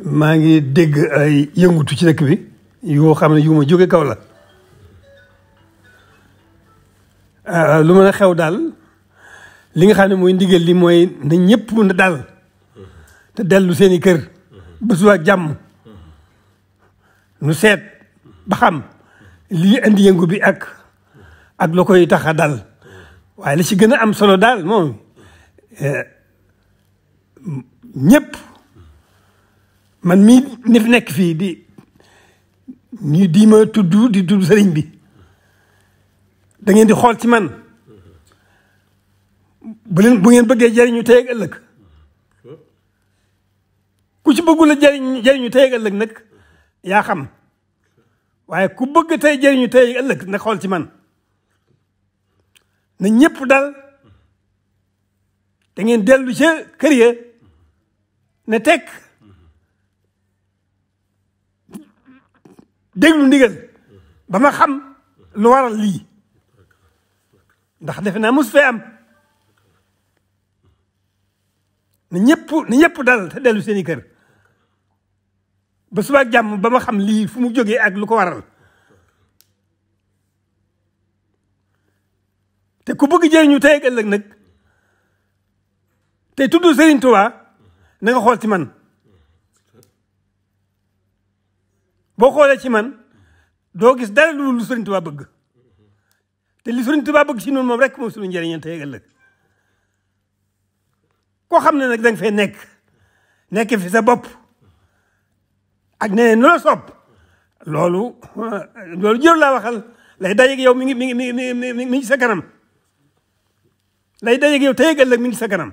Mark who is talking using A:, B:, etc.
A: maa ngi dégg ay yëngutu ci dëkk bi yoo xam ne yu ma jóge kaw la ah, lu mën a xew daal li nga xam ne mooy ndigal li mooy na ñëpp na daal te dellu seeni kër ba suba jàmm nu seet ba xam lii indi yëngu bi ak ak la koy tax a dal waaye la ci gën a am solo daal moom eh, ñépp man mii ni fi nekk fii di ñu di ma tudd di tudd sëriñ bi dangeen di xool ci man bu leen bu ngeen bëggee jariñu tey ak ëllëg ku ci bëggula jariñ jariñu tey ëllëg nag yaa xam waaye ku bëgg tey jariñu tey ak ëllëg na xool ci man na ñëpp dal da ngeen dellu ca kër ya ne tekk déglu ndigal ba ma xam lu waral lii ndax defe naa mos fee am na ñëpp na ñëpp dal te dellu seen i kër ba suba jàmm ba ma xam lii fu mu jógee ak lu ko waral te ku bëgg jëriñu tey ak ëllëg nag te tudd Serigne Touba na nga xool ci man boo xoolee ci man doo gis dara lu lu Sëriñ Tuubaa bëgg te li Sëriñ Tuubaa bëgg ci noonu moom rek moom suñu njëriñal tey ëllëg koo xam ne nag danga fay nekk nekk fi sa bopp ak nee nu la sopp loolu loolu jëru laa waxal lay dajeeg yow mi ngi mi ngi mi ngi mi ngi sa kanam lay dajeeg yow tey ëllëg mi ngi sa kanam